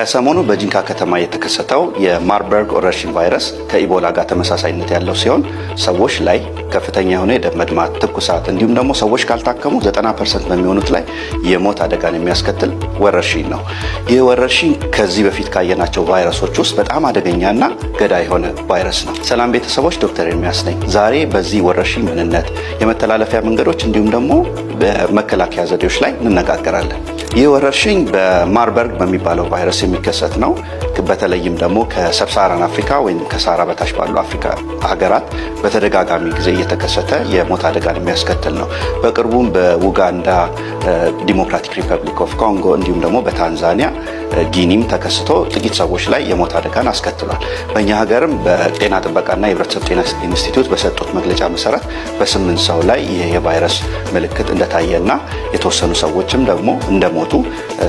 ከሰሞኑ በጂንካ ከተማ የተከሰተው የማርበርግ ወረርሽኝ ቫይረስ ከኢቦላ ጋር ተመሳሳይነት ያለው ሲሆን ሰዎች ላይ ከፍተኛ የሆነ የደም መድማት፣ ትኩሳት እንዲሁም ደግሞ ሰዎች ካልታከሙ 90 ፐርሰንት በሚሆኑት ላይ የሞት አደጋን የሚያስከትል ወረርሽኝ ነው። ይህ ወረርሽኝ ከዚህ በፊት ካየናቸው ቫይረሶች ውስጥ በጣም አደገኛና ገዳይ የሆነ ቫይረስ ነው። ሰላም ቤተሰቦች፣ ዶክተር ኤርሚያስ ነኝ። ዛሬ በዚህ ወረርሽኝ ምንነት፣ የመተላለፊያ መንገዶች እንዲሁም ደግሞ በመከላከያ ዘዴዎች ላይ እንነጋገራለን። ይህ ወረርሽኝ በማርበርግ በሚባለው ቫይረስ የሚከሰት ነው። በተለይም ደግሞ ከሰብሳራን አፍሪካ ወይም ከሳራ በታች ባሉ አፍሪካ ሀገራት በተደጋጋሚ ጊዜ እየተከሰተ የሞት አደጋን የሚያስከትል ነው። በቅርቡም በኡጋንዳ በዲሞክራቲክ ሪፐብሊክ ኦፍ ኮንጎ እንዲሁም ደግሞ በታንዛኒያ ጊኒም ተከስቶ ጥቂት ሰዎች ላይ የሞት አደጋን አስከትሏል። በእኛ ሀገርም በጤና ጥበቃና የህብረተሰብ ጤና ኢንስቲትዩት በሰጡት መግለጫ መሰረት በስምንት ሰው ላይ ይህ የቫይረስ ምልክት እንደታየና የተወሰኑ ሰዎችም ደግሞ እንደሞቱ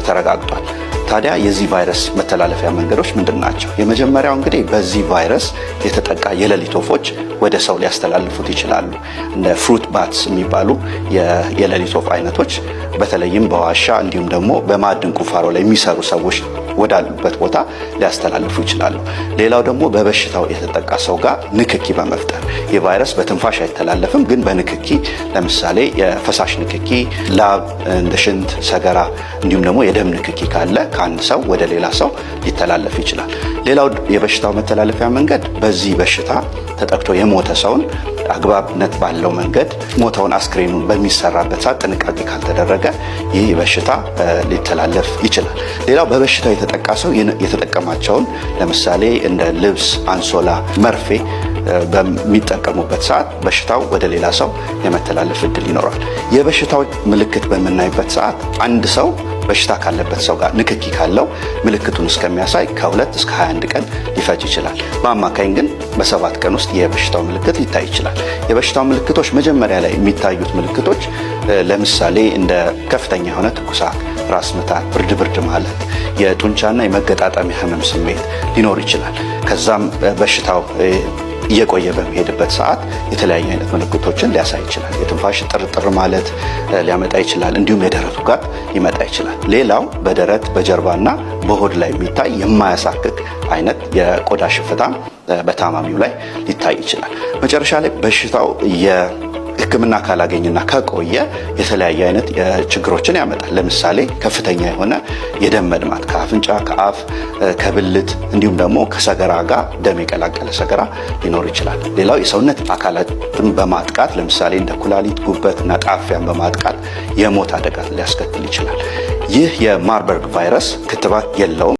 ተረጋግጧል። ታዲያ የዚህ ቫይረስ መተላለፊያ መንገዶች ምንድን ናቸው? የመጀመሪያው እንግዲህ በዚህ ቫይረስ የተጠቃ የሌሊት ወፎች ወደ ሰው ሊያስተላልፉት ይችላሉ። እንደ ፍሩት ባትስ የሚባሉ የሌሊት ወፍ አይነቶች በተለይም በዋሻ እንዲሁም ደግሞ በማዕድን ቁፋሮ ላይ የሚሰሩ ሰዎች ወዳሉበት ቦታ ሊያስተላልፉ ይችላሉ። ሌላው ደግሞ በበሽታው የተጠቃ ሰው ጋር ንክኪ በመፍጠር ቫይረስ በትንፋሽ አይተላለፍም፣ ግን በንክኪ ለምሳሌ የፈሳሽ ንክኪ፣ ላብ እንደ ሽንት፣ ሰገራ እንዲሁም ደግሞ የደም ንክኪ ካለ ከአንድ ሰው ወደ ሌላ ሰው ሊተላለፍ ይችላል። ሌላው የበሽታው መተላለፊያ መንገድ በዚህ በሽታ ተጠቅቶ የሞተ ሰውን አግባብነት ባለው መንገድ ሞተውን አስክሬኑን በሚሰራበት ሰዓት ጥንቃቄ ካልተደረገ ይህ በሽታ ሊተላለፍ ይችላል። ሌላው በበሽታው ሰው የተጠቀማቸውን ለምሳሌ እንደ ልብስ፣ አንሶላ፣ መርፌ በሚጠቀሙበት ሰዓት በሽታው ወደ ሌላ ሰው የመተላለፍ እድል ይኖራል። የበሽታው ምልክት በምናይበት ሰዓት አንድ ሰው በሽታ ካለበት ሰው ጋር ንክኪ ካለው ምልክቱን እስከሚያሳይ ከሁለት እስከ 21 ቀን ሊፈጅ ይችላል። በአማካኝ ግን በሰባት ቀን ውስጥ የበሽታው ምልክት ሊታይ ይችላል። የበሽታው ምልክቶች መጀመሪያ ላይ የሚታዩት ምልክቶች ለምሳሌ እንደ ከፍተኛ የሆነ ትኩሳት፣ ራስ ምታት፣ ብርድ ብርድ ማለት፣ የጡንቻና የመገጣጠሚያ ህመም ስሜት ሊኖር ይችላል። ከዛም በሽታው እየቆየ በሚሄድበት ሰዓት የተለያዩ አይነት ምልክቶችን ሊያሳይ ይችላል። የትንፋሽ ጥርጥር ማለት ሊያመጣ ይችላል። እንዲሁም የደረቱ ጋር ሊመጣ ይችላል። ሌላው በደረት በጀርባና በሆድ ላይ የሚታይ የማያሳክክ አይነት የቆዳ ሽፍታ በታማሚው ላይ ሊታይ ይችላል። መጨረሻ ላይ በሽታው ሕክምና ካላገኝና ከቆየ የተለያየ አይነት ችግሮችን ያመጣል። ለምሳሌ ከፍተኛ የሆነ የደም መድማት ከአፍንጫ፣ ከአፍ፣ ከብልት እንዲሁም ደግሞ ከሰገራ ጋር ደም የቀላቀለ ሰገራ ሊኖር ይችላል። ሌላው የሰውነት አካላትን በማጥቃት ለምሳሌ እንደ ኩላሊት፣ ጉበት እና ጣፊያን በማጥቃት የሞት አደጋ ሊያስከትል ይችላል። ይህ የማርበርግ ቫይረስ ክትባት የለውም።